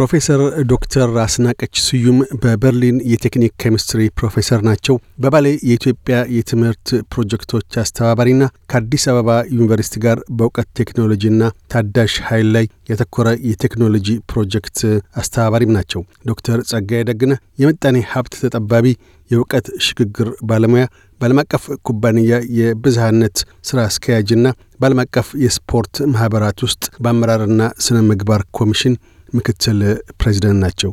ፕሮፌሰር ዶክተር አስናቀች ስዩም በበርሊን የቴክኒክ ኬሚስትሪ ፕሮፌሰር ናቸው። በባሌ የኢትዮጵያ የትምህርት ፕሮጀክቶች አስተባባሪና ከአዲስ አበባ ዩኒቨርሲቲ ጋር በእውቀት ቴክኖሎጂና ታዳሽ ኃይል ላይ ያተኮረ የቴክኖሎጂ ፕሮጀክት አስተባባሪም ናቸው። ዶክተር ጸጋዬ ደግነ የምጣኔ ሀብት ተጠባቢ የእውቀት ሽግግር ባለሙያ በዓለም አቀፍ ኩባንያ የብዝሃነት ሥራ አስኪያጅና በዓለም አቀፍ የስፖርት ማኅበራት ውስጥ በአመራርና ሥነ ምግባር ኮሚሽን ምክትል ፕሬዚደንት ናቸው።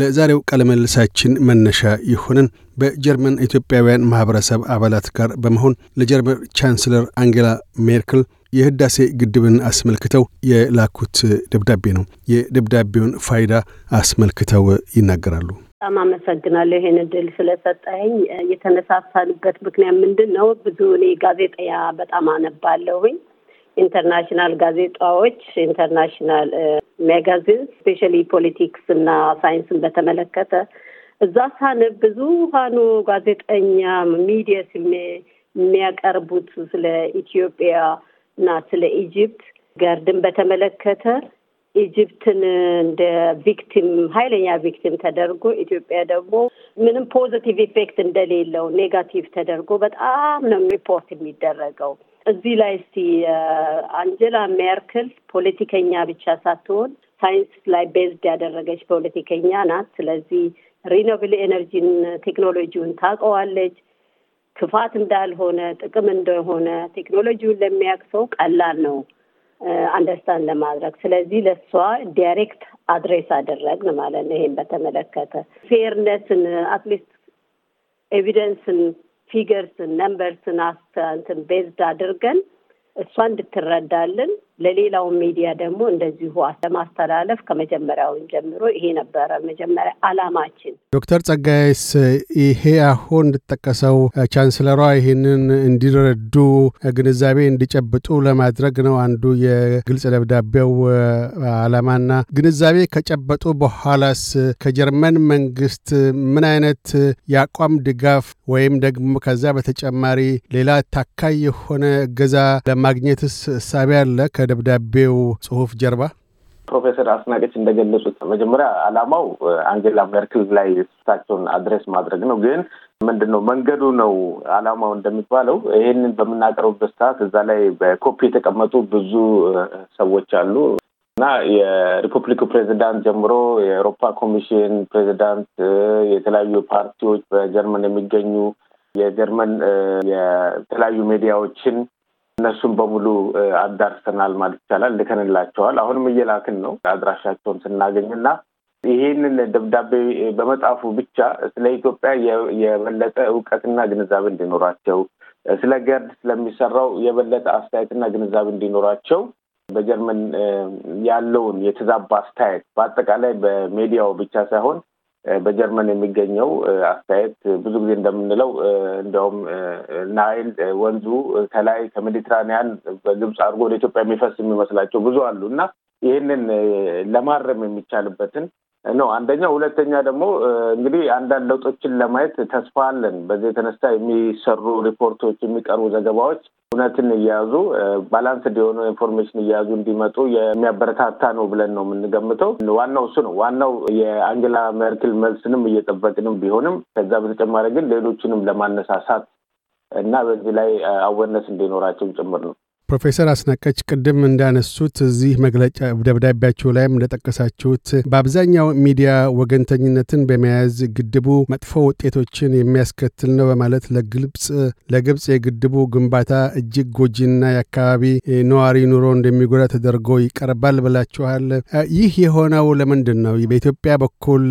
ለዛሬው ቃለመልሳችን መነሻ የሆነን በጀርመን ኢትዮጵያውያን ማኅበረሰብ አባላት ጋር በመሆን ለጀርመን ቻንስለር አንጌላ ሜርክል የህዳሴ ግድብን አስመልክተው የላኩት ደብዳቤ ነው። የደብዳቤውን ፋይዳ አስመልክተው ይናገራሉ። በጣም አመሰግናለሁ ይሄን እድል ስለሰጠኝ። የተነሳሳንበት ምክንያት ምንድን ነው? ብዙ እኔ ጋዜጠያ በጣም አነባለሁኝ ኢንተርናሽናል ጋዜጣዎች፣ ኢንተርናሽናል ሜጋዚን ስፔሻሊ ፖለቲክስ እና ሳይንስን በተመለከተ እዛ ሳንብ ብዙሀኑ ጋዜጠኛ ሚዲያስ የሚያቀርቡት ስለ ኢትዮጵያ እና ስለ ኢጅፕት ገርድን በተመለከተ ኢጅፕትን እንደ ቪክቲም ኃይለኛ ቪክቲም ተደርጎ ኢትዮጵያ ደግሞ ምንም ፖዘቲቭ ኢፌክት እንደሌለው ኔጋቲቭ ተደርጎ በጣም ነው ሪፖርት የሚደረገው። እዚህ ላይ እስቲ አንጀላ ሜርክል ፖለቲከኛ ብቻ ሳትሆን ሳይንስ ላይ ቤዝድ ያደረገች ፖለቲከኛ ናት። ስለዚህ ሪኖብል ኤነርጂን ቴክኖሎጂውን ታውቀዋለች። ክፋት እንዳልሆነ ጥቅም እንደሆነ ቴክኖሎጂውን ለሚያውቅ ሰው ቀላል ነው። አንደርስታንድ ለማድረግ ስለዚህ ለእሷ ዳይሬክት አድሬስ አደረግን ማለት ነው። ይሄን በተመለከተ ፌርነስን አትሊስት ኤቪደንስን፣ ፊገርስን፣ ነምበርስን አስተንትን ቤዝድ አድርገን እሷ እንድትረዳልን ለሌላው ሚዲያ ደግሞ እንደዚሁ ለማስተላለፍ ከመጀመሪያውን ጀምሮ ይሄ ነበረ መጀመሪያ አላማችን። ዶክተር ጸጋይስ ይሄ አሁን እንድጠቀሰው ቻንስለሯ ይህንን እንዲረዱ ግንዛቤ እንዲጨብጡ ለማድረግ ነው አንዱ የግልጽ ደብዳቤው አላማና ግንዛቤ ከጨበጡ በኋላስ ከጀርመን መንግስት ምን አይነት የአቋም ድጋፍ ወይም ደግሞ ከዛ በተጨማሪ ሌላ ታካይ የሆነ እገዛ ለማግኘትስ እሳቤ አለ? ከደብዳቤው ጽሁፍ ጀርባ ፕሮፌሰር አስናቀች እንደገለጹት መጀመሪያ አላማው አንጌላ ሜርክል ላይ እሳቸውን አድሬስ ማድረግ ነው። ግን ምንድን ነው መንገዱ ነው አላማው እንደሚባለው። ይህንን በምናቀርብበት ሰዓት እዛ ላይ በኮፒ የተቀመጡ ብዙ ሰዎች አሉ እና የሪፐብሊኩ ፕሬዚዳንት ጀምሮ የአውሮፓ ኮሚሽን ፕሬዚዳንት፣ የተለያዩ ፓርቲዎች በጀርመን የሚገኙ የጀርመን የተለያዩ ሚዲያዎችን እነሱን በሙሉ አዳርሰናል ማለት ይቻላል። ልከንላቸዋል። አሁንም እየላክን ነው አድራሻቸውን ስናገኝና ይሄንን ደብዳቤ በመጻፉ ብቻ ስለ ኢትዮጵያ የበለጠ እውቀትና ግንዛቤ እንዲኖራቸው ስለ ገርድ ስለሚሰራው የበለጠ አስተያየትና ግንዛቤ እንዲኖራቸው በጀርመን ያለውን የተዛባ አስተያየት በአጠቃላይ በሜዲያው ብቻ ሳይሆን በጀርመን የሚገኘው አስተያየት ብዙ ጊዜ እንደምንለው እንደውም ናይል ወንዙ ከላይ ከሜዲትራኒያን በግብፅ አድርጎ ወደ ኢትዮጵያ የሚፈስ የሚመስላቸው ብዙ አሉ እና ይህንን ለማረም የሚቻልበትን ነው አንደኛ። ሁለተኛ ደግሞ እንግዲህ አንዳንድ ለውጦችን ለማየት ተስፋ አለን። በዚህ የተነሳ የሚሰሩ ሪፖርቶች፣ የሚቀርቡ ዘገባዎች እውነትን እየያዙ ባላንስ እንዲሆኑ ኢንፎርሜሽን እየያዙ እንዲመጡ የሚያበረታታ ነው ብለን ነው የምንገምተው። ዋናው እሱ ነው። ዋናው የአንጌላ ሜርክል መልስንም እየጠበቅንም ቢሆንም ከዛ በተጨማሪ ግን ሌሎችንም ለማነሳሳት እና በዚህ ላይ አወነስ እንዲኖራቸው ጭምር ነው። ፕሮፌሰር አስናቀች ቅድም እንዳነሱት እዚህ መግለጫ ደብዳቤያችሁ ላይም እንደጠቀሳችሁት በአብዛኛው ሚዲያ ወገንተኝነትን በመያዝ ግድቡ መጥፎ ውጤቶችን የሚያስከትል ነው በማለት ለግብጽ ለግብፅ የግድቡ ግንባታ እጅግ ጎጂና የአካባቢ ነዋሪ ኑሮ እንደሚጎዳ ተደርጎ ይቀርባል ብላችኋል። ይህ የሆነው ለምንድን ነው? በኢትዮጵያ በኩል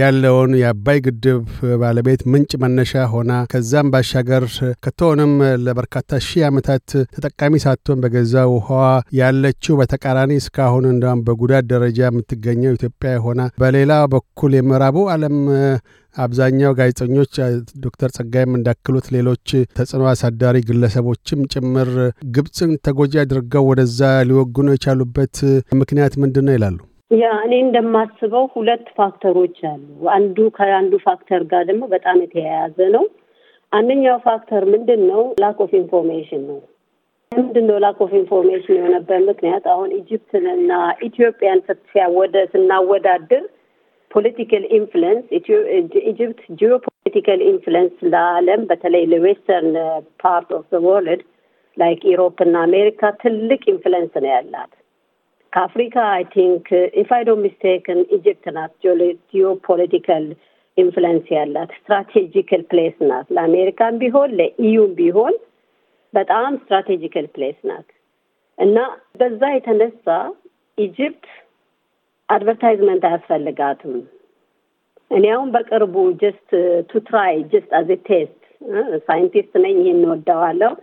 ያለውን የአባይ ግድብ ባለቤት ምንጭ መነሻ ሆና ከዛም ባሻገር ከቶሆንም ለበርካታ ሺህ ዓመታት ተጠቃሚ ሳ ሁለቱም በገዛ ውሃዋ ያለችው በተቃራኒ እስካሁን እንዲያውም በጉዳት ደረጃ የምትገኘው ኢትዮጵያ የሆና በሌላ በኩል የምዕራቡ ዓለም አብዛኛው ጋዜጠኞች ዶክተር ጸጋይም እንዳክሉት ሌሎች ተጽዕኖ አሳዳሪ ግለሰቦችም ጭምር ግብፅን ተጎጂ አድርገው ወደዛ ሊወጉ ነው የቻሉበት ምክንያት ምንድን ነው ይላሉ። ያ እኔ እንደማስበው ሁለት ፋክተሮች አሉ። አንዱ ከአንዱ ፋክተር ጋር ደግሞ በጣም የተያያዘ ነው። አንደኛው ፋክተር ምንድን ነው? ላክ ኦፍ ኢንፎርሜሽን ነው። ምንድን ነው ላክ ኦፍ ኢንፎርሜሽን የሆነበት ምክንያት አሁን ኢጅፕትንና ኢትዮጵያን ወደ ስናወዳድር ፖለቲካል ኢንፍሉንስ ኢጅፕት ጂኦ ፖለቲካል ኢንፍሉንስ ለዓለም በተለይ ለዌስተርን ፓርት ኦፍ ወርልድ ላይክ ኢሮፕ እና አሜሪካ ትልቅ ኢንፍሉንስ ነው ያላት። ከአፍሪካ አይ ቲንክ ኢፍ አይ ዶንት ሚስቴክን ኢጅፕት ናት ጂኦ ፖለቲካል ኢንፍሉንስ ያላት ስትራቴጂካል ፕሌስ ናት። ለአሜሪካም ቢሆን ለኢዩም ቢሆን በጣም ስትራቴጂካል ፕሌስ ናት እና በዛ የተነሳ ኢጅፕት አድቨርታይዝመንት አያስፈልጋትም። እኔ አሁን በቅርቡ ጀስት ቱ ትራይ ጀስት አዜ ቴስት ሳይንቲስት ነኝ፣ ይህን ወደዋለው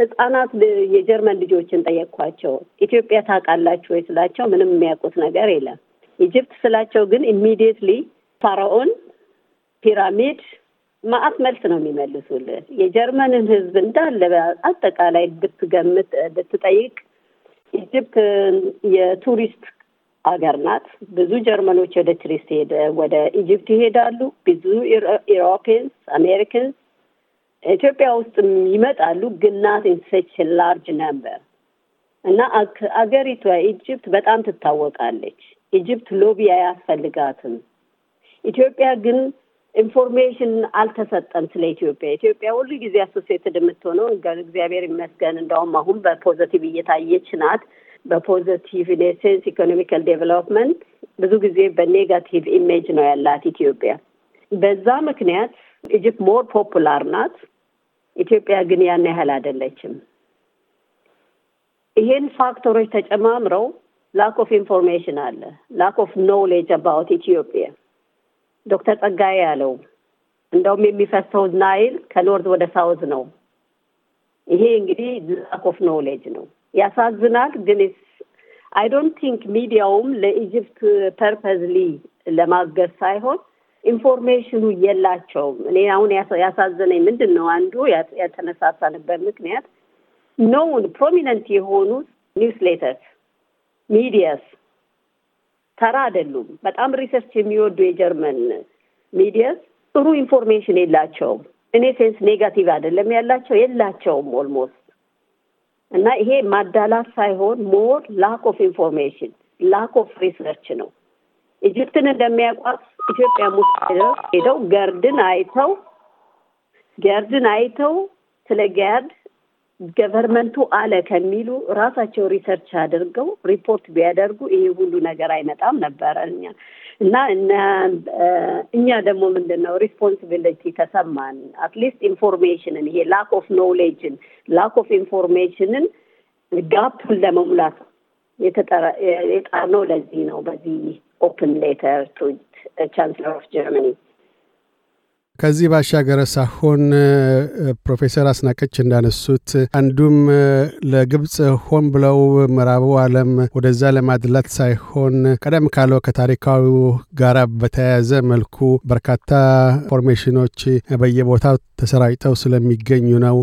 ህጻናት የጀርመን ልጆችን ጠየቅኳቸው። ኢትዮጵያ ታውቃላችሁ ወይ ስላቸው ምንም የሚያውቁት ነገር የለም። ኢጅፕት ስላቸው ግን ኢሚዲየትሊ ፋራኦን ፒራሚድ ማአት መልስ ነው የሚመልሱልህ። የጀርመንን ህዝብ እንዳለ አጠቃላይ ብትገምት ብትጠይቅ፣ ኢጅፕት የቱሪስት አገር ናት። ብዙ ጀርመኖች ወደ ቱሪስት ሄደ ወደ ኢጅፕት ይሄዳሉ። ብዙ ኢሮፒንስ አሜሪካንስ ኢትዮጵያ ውስጥ ይመጣሉ። ግን ናት ኢን ሰች ላርጅ ነምበር እና አገሪቷ ኢጅፕት በጣም ትታወቃለች። ኢጅፕት ሎቢ አያስፈልጋትም። ኢትዮጵያ ግን ኢንፎርሜሽን አልተሰጠም ስለ ኢትዮጵያ። ኢትዮጵያ ሁሉ ጊዜ አሶሴትድ የምትሆነው እግዚአብሔር ይመስገን እንደውም አሁን በፖዘቲቭ እየታየች ናት። በፖዘቲቭ ኔሴንስ ኢኮኖሚካል ዴቨሎፕመንት ብዙ ጊዜ በኔጋቲቭ ኢሜጅ ነው ያላት ኢትዮጵያ። በዛ ምክንያት ኢጅፕት ሞር ፖፑላር ናት። ኢትዮጵያ ግን ያን ያህል አይደለችም። ይሄን ፋክተሮች ተጨማምረው ላክ ኦፍ ኢንፎርሜሽን አለ፣ ላክ ኦፍ ኖውሌጅ አባውት ኢትዮጵያ ዶክተር ጸጋዬ ያለው እንደውም የሚፈሰው ናይል ከኖርዝ ወደ ሳውዝ ነው። ይሄ እንግዲህ ላክ ኦፍ ኖሌጅ ነው። ያሳዝናል። ግን አይ ዶንት ቲንክ ሚዲያውም ለኢጅፕት ፐርፐዝሊ ለማገዝ ሳይሆን ኢንፎርሜሽኑ የላቸውም። እኔ አሁን ያሳዘነኝ ምንድን ነው አንዱ ያተነሳሳንበት ምክንያት ኖውን ፕሮሚነንት የሆኑ ኒውስሌተርስ ሚዲያስ ተራ አይደሉም። በጣም ሪሰርች የሚወዱ የጀርመን ሚዲያስ ጥሩ ኢንፎርሜሽን የላቸውም። እኔ ሴንስ ኔጋቲቭ አይደለም ያላቸው የላቸውም ኦልሞስት እና ይሄ ማዳላት ሳይሆን ሞር ላክ ኦፍ ኢንፎርሜሽን ላክ ኦፍ ሪሰርች ነው። ኢጅፕትን እንደሚያውቋት ኢትዮጵያ ሄደው ገርድን አይተው ገርድን አይተው ስለ ገርድ ገቨርመንቱ አለ ከሚሉ ራሳቸው ሪሰርች አድርገው ሪፖርት ቢያደርጉ ይሄ ሁሉ ነገር አይመጣም ነበረ። እኛ እና እኛ ደግሞ ምንድን ነው ሪስፖንሲቢሊቲ ተሰማን። አትሊስት ኢንፎርሜሽንን ይሄ ላክ ኦፍ ኖውሌጅን ላክ ኦፍ ኢንፎርሜሽንን ጋፑን ለመሙላት የጣርነው ለዚህ ነው። በዚህ ኦፕን ሌተር ቱ ቻንስለር ኦፍ ጀርመኒ ከዚህ ባሻገረ ሳሆን ፕሮፌሰር አስናቀች እንዳነሱት አንዱም ለግብፅ ሆን ብለው ምዕራቡ ዓለም ወደዛ ለማድላት ሳይሆን ቀደም ካለው ከታሪካዊ ጋራ በተያያዘ መልኩ በርካታ ፎርሜሽኖች በየቦታው ተሰራጭተው ስለሚገኙ ነው።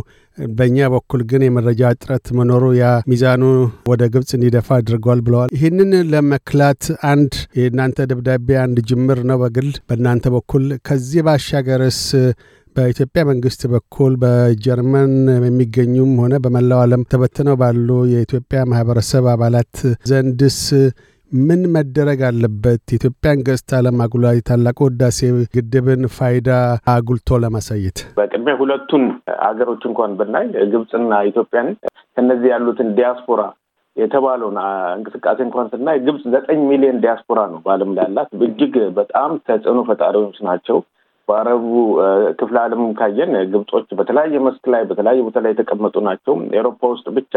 በእኛ በኩል ግን የመረጃ እጥረት መኖሩ ያ ሚዛኑ ወደ ግብጽ እንዲደፋ አድርጓል ብለዋል። ይህንን ለመክላት አንድ የእናንተ ደብዳቤ አንድ ጅምር ነው በግል በእናንተ በኩል ከዚህ ባሻገርስ በኢትዮጵያ መንግስት በኩል በጀርመን የሚገኙም ሆነ በመላው ዓለም ተበትነው ባሉ የኢትዮጵያ ማህበረሰብ አባላት ዘንድስ ምን መደረግ አለበት? ኢትዮጵያን ገጽታ ለማጉላት የታላቁ ህዳሴ ግድብን ፋይዳ አጉልቶ ለማሳየት በቅድሚያ ሁለቱን አገሮች እንኳን ብናይ ግብፅና ኢትዮጵያን ከነዚህ ያሉትን ዲያስፖራ የተባለውን እንቅስቃሴ እንኳን ስናይ ግብፅ ዘጠኝ ሚሊዮን ዲያስፖራ ነው በዓለም ላይ ያላት። እጅግ በጣም ተጽዕኖ ፈጣሪዎች ናቸው። በአረቡ ክፍለ ዓለምም ካየን ግብጾች በተለያየ መስክ ላይ በተለያየ ቦታ ላይ የተቀመጡ ናቸው። ኤሮፓ ውስጥ ብቻ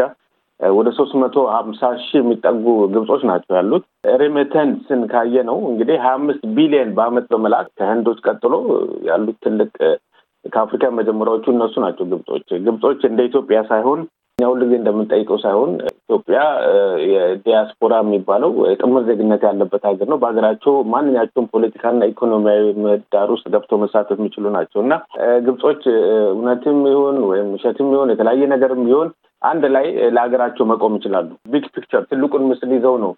ወደ ሶስት መቶ ሀምሳ ሺህ የሚጠጉ ግብጾች ናቸው ያሉት። ሬሜተንስን ካየ ነው እንግዲህ ሀያ አምስት ቢሊየን በአመት በመላክ ከህንዶች ቀጥሎ ያሉት ትልቅ ከአፍሪካ መጀመሪያዎቹ እነሱ ናቸው ግብጾች። ግብጾች እንደ ኢትዮጵያ ሳይሆን እኛ ጊዜ እንደምንጠይቀው ሳይሆን ኢትዮጵያ የዲያስፖራ የሚባለው ጥምር ዜግነት ያለበት ሀገር ነው። በሀገራቸው ማንኛቸውም ፖለቲካና ኢኮኖሚያዊ ምህዳር ውስጥ ገብቶ መሳተፍ የሚችሉ ናቸው እና ግብጾች እውነትም ይሁን ወይም ውሸትም ይሁን የተለያየ ነገርም ይሁን አንድ ላይ ለሀገራቸው መቆም ይችላሉ። ቢግ ፒክቸር ትልቁን ምስል ይዘው ነው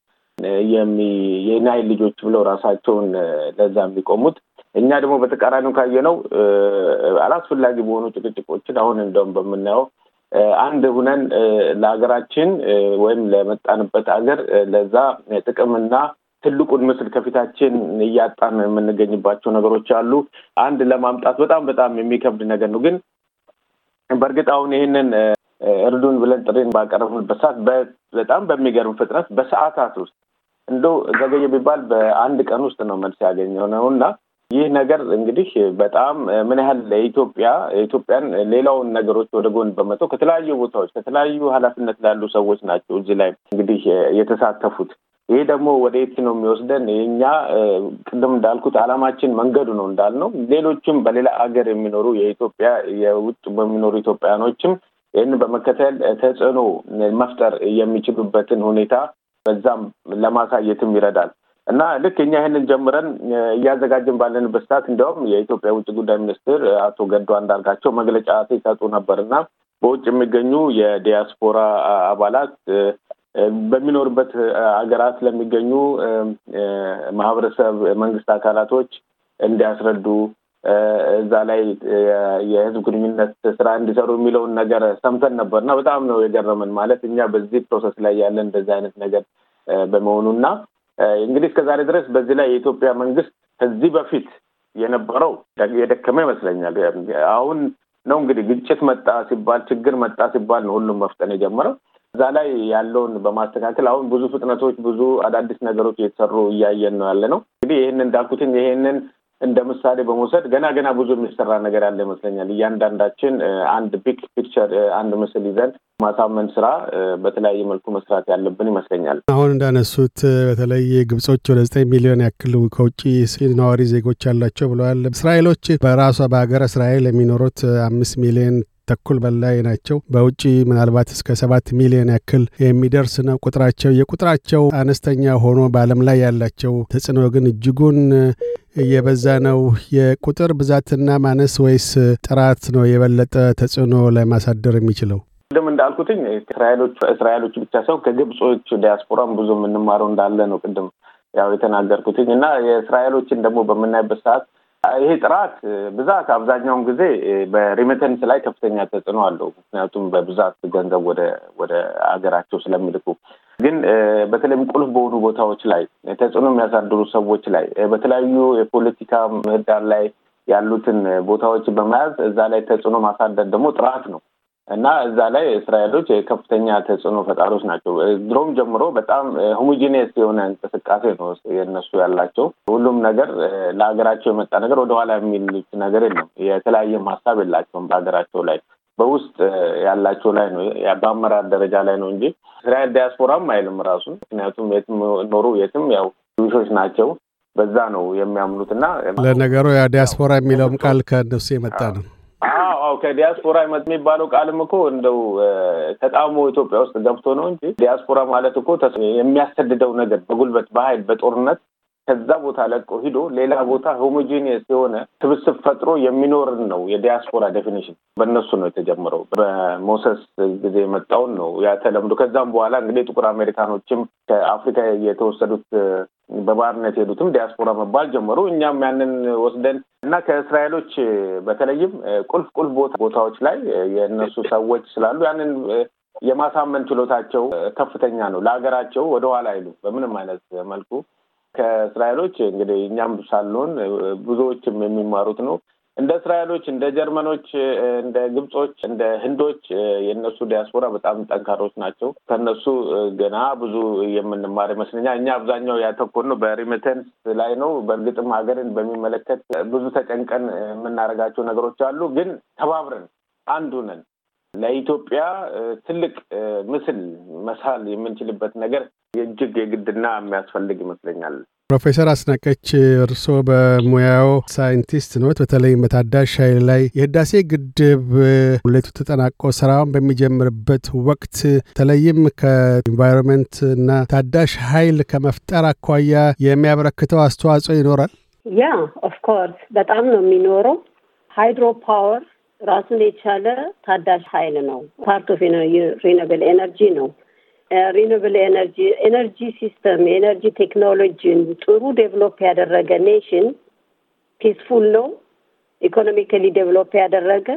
የናይል ልጆች ብለው ራሳቸውን ለዛ የሚቆሙት። እኛ ደግሞ በተቃራኒው ካየነው አላስፈላጊ በሆኑ ጭቅጭቆችን አሁን እንደውም በምናየው አንድ ሁነን ለሀገራችን ወይም ለመጣንበት ሀገር ለዛ ጥቅምና ትልቁን ምስል ከፊታችን እያጣን የምንገኝባቸው ነገሮች አሉ። አንድ ለማምጣት በጣም በጣም የሚከብድ ነገር ነው ግን በእርግጥ አሁን ይህንን እርዱን ብለን ጥሪን ባቀረብንበት ሰዓት በጣም በሚገርም ፍጥነት በሰዓታት ውስጥ እንዶ ዘገየ ቢባል በአንድ ቀን ውስጥ ነው መልስ ያገኘው ነው እና ይህ ነገር እንግዲህ በጣም ምን ያህል ለኢትዮጵያ ኢትዮጵያን ሌላውን ነገሮች ወደ ጎን በመተው ከተለያዩ ቦታዎች ከተለያዩ ኃላፊነት ላሉ ሰዎች ናቸው እዚህ ላይ እንግዲህ የተሳተፉት። ይሄ ደግሞ ወደ የት ነው የሚወስደን? የእኛ ቅድም እንዳልኩት አላማችን መንገዱ ነው እንዳልነው፣ ሌሎችም በሌላ አገር የሚኖሩ የኢትዮጵያ የውጭ በሚኖሩ ኢትዮጵያኖችም ይህንን በመከተል ተጽዕኖ መፍጠር የሚችሉበትን ሁኔታ በዛም ለማሳየትም ይረዳል እና ልክ እኛ ይህንን ጀምረን እያዘጋጀን ባለንበት ሰዓት እንዲያውም የኢትዮጵያ ውጭ ጉዳይ ሚኒስትር አቶ ገዱ አንዳርጋቸው መግለጫ ሲሰጡ ነበር እና በውጭ የሚገኙ የዲያስፖራ አባላት በሚኖርበት ሀገራት ለሚገኙ ማህበረሰብ መንግስት አካላቶች እንዲያስረዱ እዛ ላይ የህዝብ ግንኙነት ስራ እንዲሰሩ የሚለውን ነገር ሰምተን ነበር እና በጣም ነው የገረመን። ማለት እኛ በዚህ ፕሮሰስ ላይ ያለን እንደዚህ አይነት ነገር በመሆኑ እና እንግዲህ እስከዛሬ ድረስ በዚህ ላይ የኢትዮጵያ መንግስት ከዚህ በፊት የነበረው የደከመ ይመስለኛል። አሁን ነው እንግዲህ ግጭት መጣ ሲባል ችግር መጣ ሲባል ነው ሁሉም መፍጠን የጀመረው። እዛ ላይ ያለውን በማስተካከል አሁን ብዙ ፍጥነቶች፣ ብዙ አዳዲስ ነገሮች እየተሰሩ እያየን ነው ያለ ነው። እንግዲህ ይህንን እንዳልኩትን ይህንን እንደ ምሳሌ በመውሰድ ገና ገና ብዙ የሚሰራ ነገር ያለ ይመስለኛል። እያንዳንዳችን አንድ ቢግ ፒክቸር አንድ ምስል ይዘን ማሳመን ስራ በተለያየ መልኩ መስራት ያለብን ይመስለኛል። አሁን እንዳነሱት በተለይ ግብጾች ወደ ዘጠኝ ሚሊዮን ያክል ከውጭ ነዋሪ ዜጎች ያላቸው ብለዋል። እስራኤሎች በራሷ በሀገር እስራኤል የሚኖሩት አምስት ሚሊዮን ተኩል በላይ ናቸው። በውጭ ምናልባት እስከ ሰባት ሚሊዮን ያክል የሚደርስ ነው ቁጥራቸው። የቁጥራቸው አነስተኛ ሆኖ በዓለም ላይ ያላቸው ተጽዕኖ ግን እጅጉን እየበዛ ነው? የቁጥር ብዛትና ማነስ ወይስ ጥራት ነው የበለጠ ተጽዕኖ ላይ ማሳደር የሚችለው? ቅድም እንዳልኩትኝ እስራኤሎቹ እስራኤሎቹ ብቻ ሳይሆን ከግብጾች ዲያስፖራም ብዙ የምንማረው እንዳለ ነው ቅድም ያው የተናገርኩትኝ እና የእስራኤሎችን ደግሞ በምናይበት ሰዓት ይሄ ጥራት ብዛት አብዛኛውን ጊዜ በሪሚተንስ ላይ ከፍተኛ ተጽዕኖ አለው። ምክንያቱም በብዛት ገንዘብ ወደ ወደ ሀገራቸው ስለሚልኩ ግን በተለይም ቁልፍ በሆኑ ቦታዎች ላይ ተጽዕኖ የሚያሳድሩ ሰዎች ላይ በተለያዩ የፖለቲካ ምህዳር ላይ ያሉትን ቦታዎች በመያዝ እዛ ላይ ተጽዕኖ ማሳደር ደግሞ ጥራት ነው እና እዛ ላይ እስራኤሎች ከፍተኛ ተጽዕኖ ፈጣሪዎች ናቸው። ድሮም ጀምሮ በጣም ሆሞጂኔስ የሆነ እንቅስቃሴ ነው የነሱ ያላቸው። ሁሉም ነገር ለሀገራቸው የመጣ ነገር ወደኋላ የሚሉት ነገር የለም። የተለያየም ሀሳብ የላቸውም በሀገራቸው ላይ በውስጥ ያላቸው ላይ ነው በአመራር ደረጃ ላይ ነው እንጂ እስራኤል ዲያስፖራም አይልም ራሱ። ምክንያቱም የትም ኖሩ የትም ያው ዊሾች ናቸው። በዛ ነው የሚያምኑት። እና ለነገሩ ያ ዲያስፖራ የሚለውም ቃል ከእነሱ የመጣ ነው። አዎ ከዲያስፖራ የሚባለው ቃልም እኮ እንደው ተጣሞ ኢትዮጵያ ውስጥ ገብቶ ነው እንጂ ዲያስፖራ ማለት እኮ የሚያሰድደው ነገር በጉልበት በኃይል በጦርነት ከዛ ቦታ ለቆ ሂዶ ሌላ ቦታ ሆሞጂኒየስ የሆነ ስብስብ ፈጥሮ የሚኖርን ነው የዲያስፖራ ዴፊኒሽን። በእነሱ ነው የተጀመረው። በሞሰስ ጊዜ የመጣውን ነው ያተለምዶ። ተለምዶ። ከዛም በኋላ እንግዲህ ጥቁር አሜሪካኖችም ከአፍሪካ የተወሰዱት በባርነት የሄዱትም ዲያስፖራ መባል ጀመሩ። እኛም ያንን ወስደን እና ከእስራኤሎች በተለይም ቁልፍ ቁልፍ ቦታ ቦታዎች ላይ የእነሱ ሰዎች ስላሉ ያንን የማሳመን ችሎታቸው ከፍተኛ ነው። ለሀገራቸው ወደኋላ አይሉ በምንም አይነት መልኩ ከእስራኤሎች እንግዲህ እኛም ሳልሆን ብዙዎችም የሚማሩት ነው። እንደ እስራኤሎች፣ እንደ ጀርመኖች፣ እንደ ግብጾች፣ እንደ ህንዶች የእነሱ ዲያስፖራ በጣም ጠንካሮች ናቸው። ከነሱ ገና ብዙ የምንማር ይመስለኛል። እኛ አብዛኛው ያተኮርነው በሪሚተንስ ላይ ነው። በእርግጥም ሀገርን በሚመለከት ብዙ ተጨንቀን የምናደርጋቸው ነገሮች አሉ። ግን ተባብረን አንዱ ነን ለኢትዮጵያ ትልቅ ምስል መሳል የምንችልበት ነገር የእጅግ የግድና የሚያስፈልግ ይመስለኛል። ፕሮፌሰር አስናቀች እርስዎ በሙያው ሳይንቲስት ነት በተለይም በታዳሽ ኃይል ላይ የህዳሴ ግድብ ሁለቱ ተጠናቆ ስራውን በሚጀምርበት ወቅት በተለይም ከኢንቫይሮንመንት እና ታዳሽ ኃይል ከመፍጠር አኳያ የሚያበረክተው አስተዋጽኦ ይኖራል። ያ ኦፍኮርስ በጣም ነው የሚኖረው ሃይድሮ ፓወር ራሱን የቻለ ታዳሽ ኃይል ነው። ፓርት ኦፍ ሪኖብል ኤነርጂ ነው። ሪኖብል ኤነርጂ ኤነርጂ ሲስተም የኤነርጂ ቴክኖሎጂን ጥሩ ዴቨሎፕ ያደረገ ኔሽን ፒስፉል ነው። ኢኮኖሚካሊ ዴቨሎፕ ያደረገ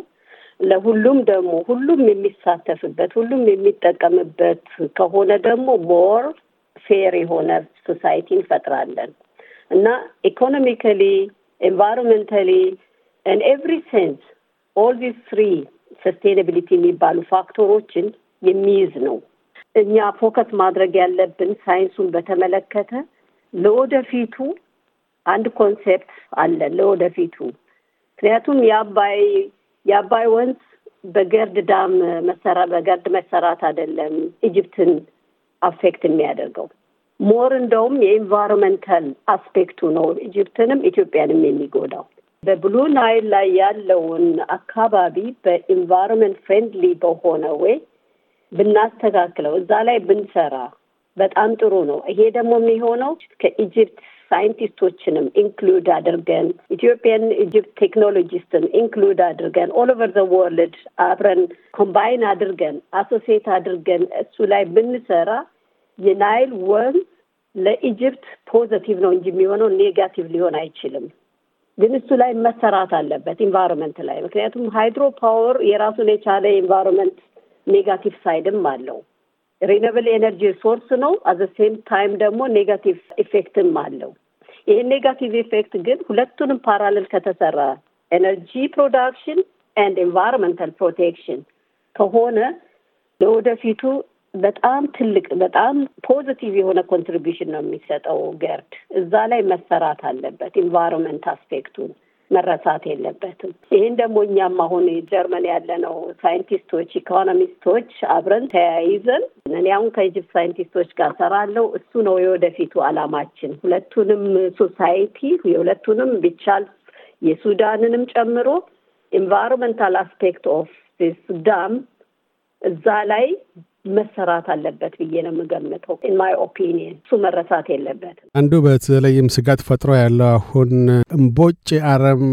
ለሁሉም ደግሞ ሁሉም የሚሳተፍበት ሁሉም የሚጠቀምበት ከሆነ ደግሞ ሞር ፌር የሆነ ሶሳይቲ እንፈጥራለን እና ኢኮኖሚካሊ ኤንቫይሮንመንታሊ ኤን ኤቭሪ ሴንስ ኦል ዲስ ስሪ ሰስቴናብሊቲ የሚባሉ ፋክተሮችን የሚይዝ ነው። እኛ ፎከስ ማድረግ ያለብን ሳይንሱን በተመለከተ ለወደፊቱ አንድ ኮንሴፕት አለ ለወደፊቱ። ምክንያቱም የአባይ የአባይ ወንዝ በገርድ ዳም መሰራ በገርድ መሰራት አይደለም ኢጅፕትን አፌክት የሚያደርገው ሞር እንደውም የኢንቫይሮመንታል አስፔክቱ ነው ኢጅፕትንም ኢትዮጵያንም የሚጎዳው። በብሉ ናይል ላይ ያለውን አካባቢ በኢንቫይሮንመንት ፍሬንድሊ በሆነ ወይ ብናስተካክለው እዛ ላይ ብንሰራ በጣም ጥሩ ነው። ይሄ ደግሞ የሚሆነው ከኢጅፕት ሳይንቲስቶችንም ኢንክሉድ አድርገን ኢትዮጵያን ኢጅፕት ቴክኖሎጂስትን ኢንክሉድ አድርገን ኦል ኦቨር ዘ ወርልድ አብረን ኮምባይን አድርገን አሶሴት አድርገን እሱ ላይ ብንሰራ የናይል ወንዝ ለኢጅፕት ፖዘቲቭ ነው እንጂ የሚሆነው ኔጋቲቭ ሊሆን አይችልም። ግን እሱ ላይ መሰራት አለበት ኢንቫይሮንመንት ላይ። ምክንያቱም ሃይድሮ ፓወር የራሱን የቻለ ኢንቫይሮንመንት ኔጋቲቭ ሳይድም አለው። ሪነብል ኤነርጂ ሶርስ ነው። አዘ ሴም ታይም ደግሞ ኔጋቲቭ ኢፌክትም አለው። ይህን ኔጋቲቭ ኢፌክት ግን ሁለቱንም ፓራሌል ከተሰራ ኤነርጂ ፕሮዳክሽን ኤንድ ኤንቫይሮንመንታል ፕሮቴክሽን ከሆነ ለወደፊቱ በጣም ትልቅ በጣም ፖዚቲቭ የሆነ ኮንትሪቢሽን ነው የሚሰጠው ገርድ። እዛ ላይ መሰራት አለበት። ኢንቫይሮንመንት አስፔክቱን መረሳት የለበትም። ይህን ደግሞ እኛም አሁን ጀርመን ያለነው ሳይንቲስቶች፣ ኢኮኖሚስቶች አብረን ተያይዘን እኔ አሁን ከኢጅፕት ሳይንቲስቶች ጋር ሰራለው። እሱ ነው የወደፊቱ አላማችን። ሁለቱንም ሶሳይቲ የሁለቱንም ቢቻል የሱዳንንም ጨምሮ ኢንቫይሮንመንታል አስፔክት ኦፍ ዲስ ዳም እዛ ላይ መሰራት አለበት ብዬ ነው የምገምተው። ኢን ማይ ኦፒኒየን እሱ መረሳት የለበትም። አንዱ በተለይም ስጋት ፈጥሮ ያለው አሁን እምቦጭ አረም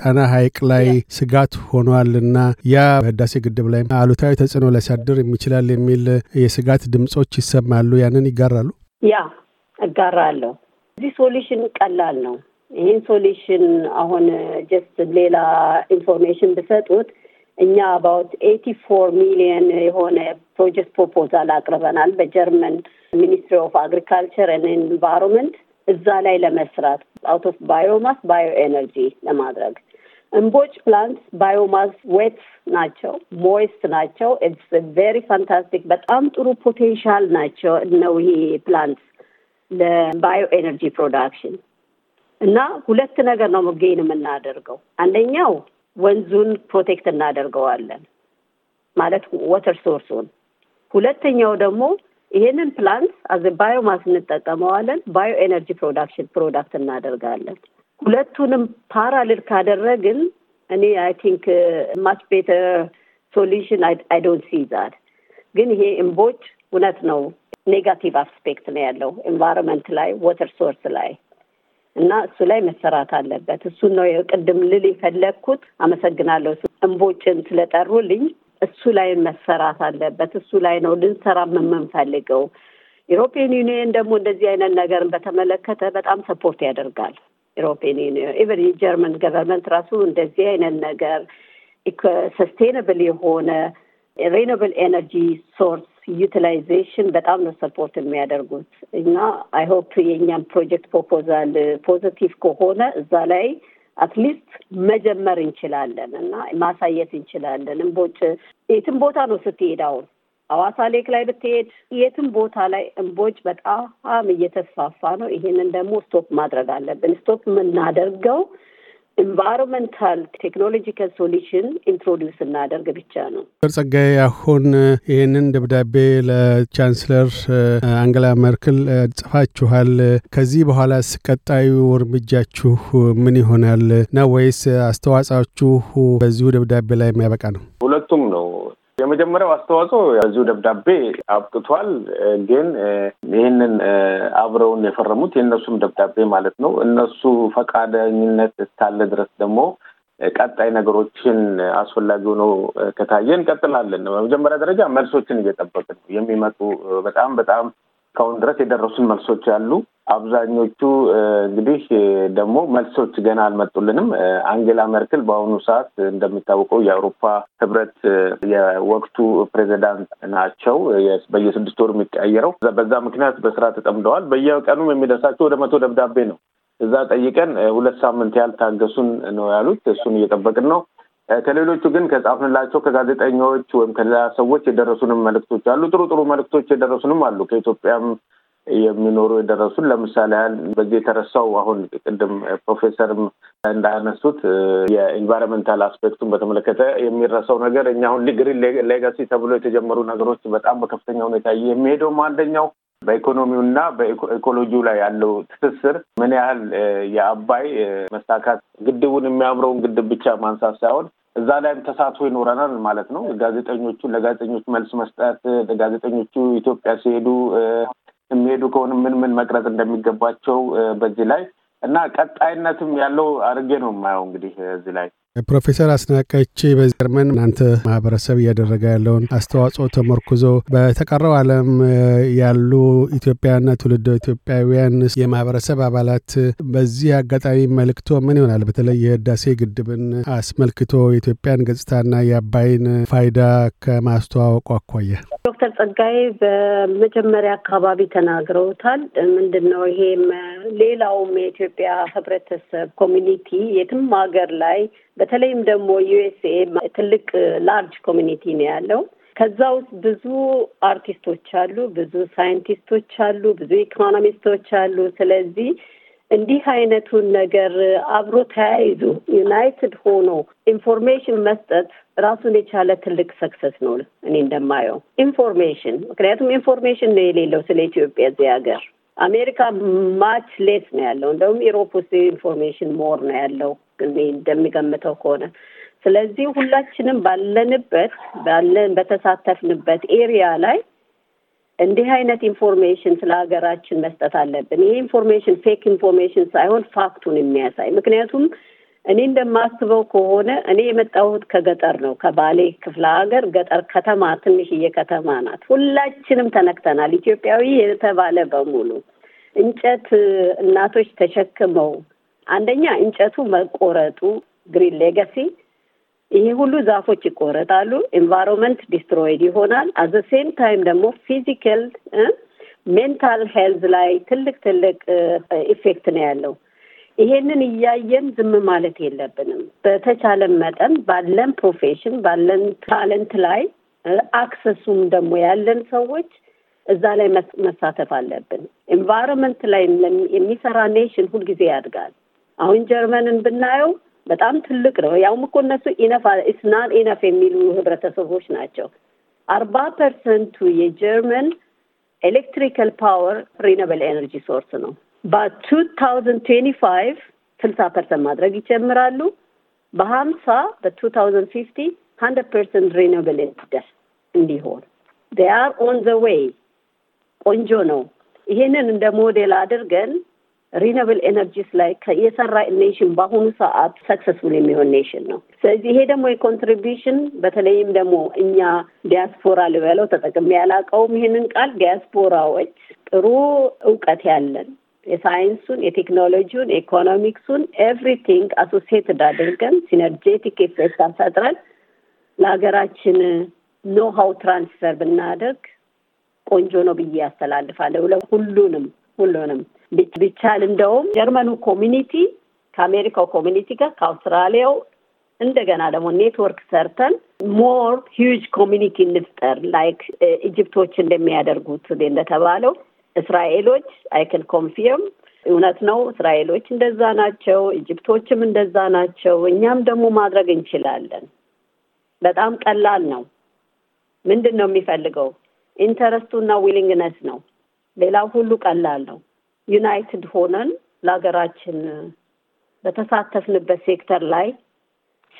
ጣና ሐይቅ ላይ ስጋት ሆኗል እና ያ በህዳሴ ግድብ ላይ አሉታዊ ተጽዕኖ ሊያሳድር የሚችላል የሚል የስጋት ድምጾች ይሰማሉ። ያንን ይጋራሉ? ያ እጋራለሁ። እዚህ ሶሉሽን ቀላል ነው። ይህን ሶሉሽን አሁን ጀስት ሌላ ኢንፎርሜሽን ብሰጡት እኛ አባውት ኤቲ ፎር ሚሊየን የሆነ ፕሮጀክት ፕሮፖዛል አቅርበናል በጀርመን ሚኒስትሪ ኦፍ አግሪካልቸር ን ኤንቫይሮንመንት እዛ ላይ ለመስራት አውት ኦፍ ባዮማስ ባዮ ኤነርጂ ለማድረግ እምቦጭ ፕላንት ባዮማስ ዌት ናቸው፣ ሞይስት ናቸው። ኢትስ ቬሪ ፋንታስቲክ በጣም ጥሩ ፖቴንሻል ናቸው ነው ይሄ ፕላንት ለባዮ ኤነርጂ ፕሮዳክሽን እና ሁለት ነገር ነው ገኝ የምናደርገው አንደኛው ወንዙን ፕሮቴክት እናደርገዋለን ማለት ወተር ሶርሱን። ሁለተኛው ደግሞ ይሄንን ፕላንት አዘ ባዮማስ እንጠቀመዋለን፣ ባዮ ኤነርጂ ፕሮዳክሽን ፕሮዳክት እናደርጋለን። ሁለቱንም ፓራሌል ካደረግን እኔ አይ ቲንክ ማች ቤተር ሶሉሽን አይ ዶንት ሲ ዛት። ግን ይሄ እምቦጭ እውነት ነው ኔጋቲቭ አስፔክት ነው ያለው ኤንቫይሮንመንት ላይ ወተር ሶርስ ላይ እና እሱ ላይ መሰራት አለበት። እሱን ነው ቅድም ልል የፈለግኩት። አመሰግናለሁ እንቦጭን ስለጠሩልኝ። እሱ ላይ መሰራት አለበት። እሱ ላይ ነው ልንሰራ የምንፈልገው። ኢሮፒያን ዩኒየን ደግሞ እንደዚህ አይነት ነገርን በተመለከተ በጣም ሰፖርት ያደርጋል። ኢሮፒያን ዩኒየን ኢቨን የጀርመን ገቨርንመንት ራሱ እንደዚህ አይነት ነገር ሰስቴናብል የሆነ ሬኖብል ኤነርጂ ሶርስ ዩቲላይዜሽን በጣም ነው ሰፖርት የሚያደርጉት እና ሆፕ የእኛም ፕሮጀክት ፕሮፖዛል ፖዘቲቭ ከሆነ እዛ ላይ አትሊስት መጀመር እንችላለን እና ማሳየት እንችላለን። እንቦጭ የትም ቦታ ነው ስትሄድ አዋሳ ሌክ ላይ ብትሄድ የትም ቦታ ላይ እምቦጭ በጣም እየተስፋፋ ነው። ይሄንን ደግሞ ስቶፕ ማድረግ አለብን። ስቶፕ የምናደርገው ኢንቫይሮንመንታል ቴክኖሎጂካል ሶሉሽን ኢንትሮዲውስ እናደርግ ብቻ ነው። ጸጋዬ፣ አሁን ይህንን ደብዳቤ ለቻንስለር አንገላ መርክል ጽፋችኋል። ከዚህ በኋላ ስቀጣዩ እርምጃችሁ ምን ይሆናል? ነው ወይስ አስተዋጽኦችሁ በዚሁ ደብዳቤ ላይ የሚያበቃ ነው? የመጀመሪያው አስተዋጽኦ እዚሁ ደብዳቤ አብቅቷል። ግን ይህንን አብረውን የፈረሙት የእነሱም ደብዳቤ ማለት ነው። እነሱ ፈቃደኝነት እስካለ ድረስ ደግሞ ቀጣይ ነገሮችን አስፈላጊ ሆኖ ከታየ እንቀጥላለን። በመጀመሪያ ደረጃ መልሶችን እየጠበቅን ነው የሚመጡ በጣም በጣም እስካሁን ድረስ የደረሱን መልሶች ያሉ አብዛኞቹ እንግዲህ ደግሞ መልሶች ገና አልመጡልንም። አንጌላ መርክል በአሁኑ ሰዓት እንደሚታወቀው የአውሮፓ ህብረት የወቅቱ ፕሬዚዳንት ናቸው። በየስድስት ወር የሚቀያየረው በዛ ምክንያት በስራ ተጠምደዋል። በየቀኑም የሚደርሳቸው ወደ መቶ ደብዳቤ ነው። እዛ ጠይቀን ሁለት ሳምንት ያህል ታገሱን ነው ያሉት። እሱን እየጠበቅን ነው። ከሌሎቹ ግን ከጻፍንላቸው ከጋዜጠኞች ወይም ከሌላ ሰዎች የደረሱንም መልእክቶች አሉ። ጥሩ ጥሩ መልእክቶች የደረሱንም አሉ ከኢትዮጵያም የሚኖሩ የደረሱን ለምሳሌ ያህል በዚህ የተረሳው አሁን ቅድም ፕሮፌሰርም እንዳነሱት የኢንቫይሮንመንታል አስፔክቱን በተመለከተ የሚረሳው ነገር እኛ አሁን ግሪን ሌጋሲ ተብሎ የተጀመሩ ነገሮች በጣም በከፍተኛ ሁኔታ የሚሄደውም አንደኛው በኢኮኖሚውና በኢኮሎጂው ላይ ያለው ትስስር ምን ያህል የአባይ መሳካት ግድቡን የሚያምረውን ግድብ ብቻ ማንሳት ሳይሆን እዛ ላይም ተሳትፎ ይኖረናል ማለት ነው። ጋዜጠኞቹ ለጋዜጠኞች መልስ መስጠት፣ ለጋዜጠኞቹ ኢትዮጵያ ሲሄዱ የሚሄዱ ከሆነ ምን ምን መቅረጽ እንደሚገባቸው በዚህ ላይ እና ቀጣይነትም ያለው አድርጌ ነው የማየው። እንግዲህ እዚህ ላይ ፕሮፌሰር አስናቀች በጀርመን እናንተ ማህበረሰብ እያደረገ ያለውን አስተዋጽኦ ተመርኩዞ በተቀረው ዓለም ያሉ ኢትዮጵያና ትውልደ ኢትዮጵያውያን የማህበረሰብ አባላት በዚህ አጋጣሚ መልክቶ ምን ይሆናል? በተለይ የህዳሴ ግድብን አስመልክቶ የኢትዮጵያን ገጽታና የአባይን ፋይዳ ከማስተዋወቁ አኳያ ዶክተር ጸጋዬ በመጀመሪያ አካባቢ ተናግረውታል። ምንድን ነው ሌላውም የኢትዮጵያ ህብረተሰብ ኮሚኒቲ የትም ሀገር ላይ በተለይም ደግሞ ዩኤስኤ ትልቅ ላርጅ ኮሚኒቲ ነው ያለው። ከዛ ውስጥ ብዙ አርቲስቶች አሉ፣ ብዙ ሳይንቲስቶች አሉ፣ ብዙ ኢኮኖሚስቶች አሉ። ስለዚህ እንዲህ አይነቱን ነገር አብሮ ተያይዞ ዩናይትድ ሆኖ ኢንፎርሜሽን መስጠት ራሱን የቻለ ትልቅ ሰክሰስ ነው እኔ እንደማየው። ኢንፎርሜሽን ምክንያቱም ኢንፎርሜሽን ነው የሌለው ስለ ኢትዮጵያ እዚህ ሀገር። አሜሪካ ማች ሌስ ነው ያለው። እንደውም ኢሮፕ ውስጥ ኢንፎርሜሽን ሞር ነው ያለው እኔ እንደሚገምተው ከሆነ ስለዚህ ሁላችንም ባለንበት ባለን በተሳተፍንበት ኤሪያ ላይ እንዲህ አይነት ኢንፎርሜሽን ስለ ሀገራችን መስጠት አለብን። ይሄ ኢንፎርሜሽን ፌክ ኢንፎርሜሽን ሳይሆን ፋክቱን የሚያሳይ ምክንያቱም እኔ እንደማስበው ከሆነ እኔ የመጣሁት ከገጠር ነው፣ ከባሌ ክፍለ ሀገር ገጠር ከተማ ትንሽዬ ከተማ ናት። ሁላችንም ተነክተናል፣ ኢትዮጵያዊ የተባለ በሙሉ እንጨት እናቶች ተሸክመው አንደኛ እንጨቱ መቆረጡ ግሪን ሌገሲ ይሄ ሁሉ ዛፎች ይቆረጣሉ። ኤንቫይሮንመንት ዲስትሮይድ ይሆናል። አዘ ሴም ታይም ደግሞ ፊዚካል ሜንታል ሄልዝ ላይ ትልቅ ትልቅ ኢፌክት ነው ያለው። ይሄንን እያየን ዝም ማለት የለብንም። በተቻለን መጠን ባለን ፕሮፌሽን ባለን ታለንት ላይ አክሰሱም ደግሞ ያለን ሰዎች እዛ ላይ መሳተፍ አለብን። ኤንቫይሮንመንት ላይ የሚሰራ ኔሽን ሁልጊዜ ያድጋል። አሁን ጀርመንን ብናየው በጣም ትልቅ ነው። ያውም እኮ እነሱ ኢነፍ ኢነፍ የሚሉ ህብረተሰቦች ናቸው። አርባ ፐርሰንቱ የጀርመን ኤሌክትሪካል ፓወር ሪነብል ኤነርጂ ሶርስ ነው። በ2025 ስልሳ ፐርሰንት ማድረግ ይጀምራሉ። በሀምሳ በ2050 ሀንድረድ ፐርሰንት ሪኒብል እንዲሆን ዴይ አር ኦን ዘ ዌይ። ቆንጆ ነው። ይሄንን እንደ ሞዴል አድርገን ሪኒብል ኤነርጂስ ላይ የሰራ ኔሽን በአሁኑ ሰዓት ሰክሰስፉል የሚሆን ኔሽን ነው። ስለዚህ ይሄ ደግሞ የኮንትሪቢሽን በተለይም ደግሞ እኛ ዲያስፖራ ልበለው ተጠቅሜ ያላቀውም ይሄንን ቃል ዲያስፖራዎች ጥሩ እውቀት ያለን የሳይንሱን፣ የቴክኖሎጂውን፣ የኢኮኖሚክሱን ኤቭሪቲንግ አሶሲየትድ አድርገን ሲነርጄቲክ ኤፌክት አሳጥረን ለሀገራችን ኖሃው ትራንስፈር ብናደርግ ቆንጆ ነው ብዬ ያስተላልፋለሁ። ሁሉንም ሁሉንም ቢቻል እንደውም ጀርመኑ ኮሚኒቲ ከአሜሪካው ኮሚኒቲ ጋር ከአውስትራሊያው እንደገና ደግሞ ኔትወርክ ሰርተን ሞር ሂውጅ ኮሚኒቲ እንፍጠር ላይክ ኢጅፕቶች eh, እንደሚያደርጉት እንደተባለው እስራኤሎች አይክል ኮንፊርም እውነት ነው። እስራኤሎች እንደዛ ናቸው፣ ኢጅፕቶችም እንደዛ ናቸው። እኛም ደግሞ ማድረግ እንችላለን። በጣም ቀላል ነው። ምንድን ነው የሚፈልገው? ኢንተረስቱና ዊሊንግነስ ነው። ሌላው ሁሉ ቀላል ነው። ዩናይትድ ሆነን ለሀገራችን በተሳተፍንበት ሴክተር ላይ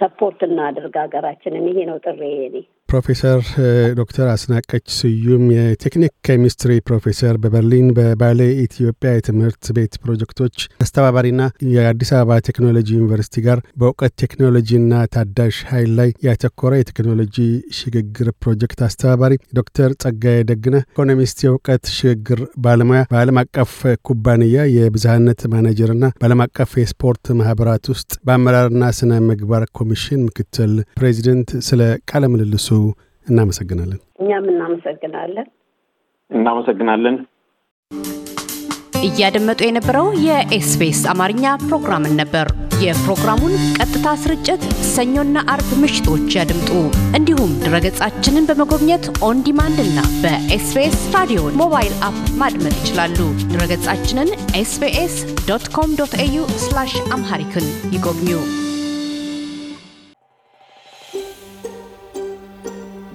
ሰፖርት እናድርግ ሀገራችንን። ይሄ ነው ጥሬ እኔ ፕሮፌሰር ዶክተር አስናቀች ስዩም የቴክኒክ ኬሚስትሪ ፕሮፌሰር በበርሊን በባሌ ኢትዮጵያ የትምህርት ቤት ፕሮጀክቶች አስተባባሪና የአዲስ አበባ ቴክኖሎጂ ዩኒቨርሲቲ ጋር በእውቀት ቴክኖሎጂና ታዳሽ ኃይል ላይ ያተኮረ የቴክኖሎጂ ሽግግር ፕሮጀክት አስተባባሪ፣ ዶክተር ጸጋዬ ደግነ ኢኮኖሚስት፣ የእውቀት ሽግግር ባለሙያ፣ በዓለም አቀፍ ኩባንያ የብዝሃነት ማናጀርና በዓለም አቀፍ የስፖርት ማህበራት ውስጥ በአመራርና ስነ ምግባር ኮሚሽን ምክትል ፕሬዚደንት ስለ ቃለ ምልልሱ እናመሰግናለን። እኛም እናመሰግናለን። እናመሰግናለን። እያደመጡ የነበረው የኤስቢኤስ አማርኛ ፕሮግራምን ነበር። የፕሮግራሙን ቀጥታ ስርጭት ሰኞና አርብ ምሽቶች ያድምጡ። እንዲሁም ድረገጻችንን በመጎብኘት ኦን ዲማንድ እና በኤስቢኤስ ራዲዮ ሞባይል አፕ ማድመጥ ይችላሉ። ድረገጻችንን ኤስቢኤስ ዶት ኮም ዶት ኤዩ አምሃሪክን ይጎብኙ።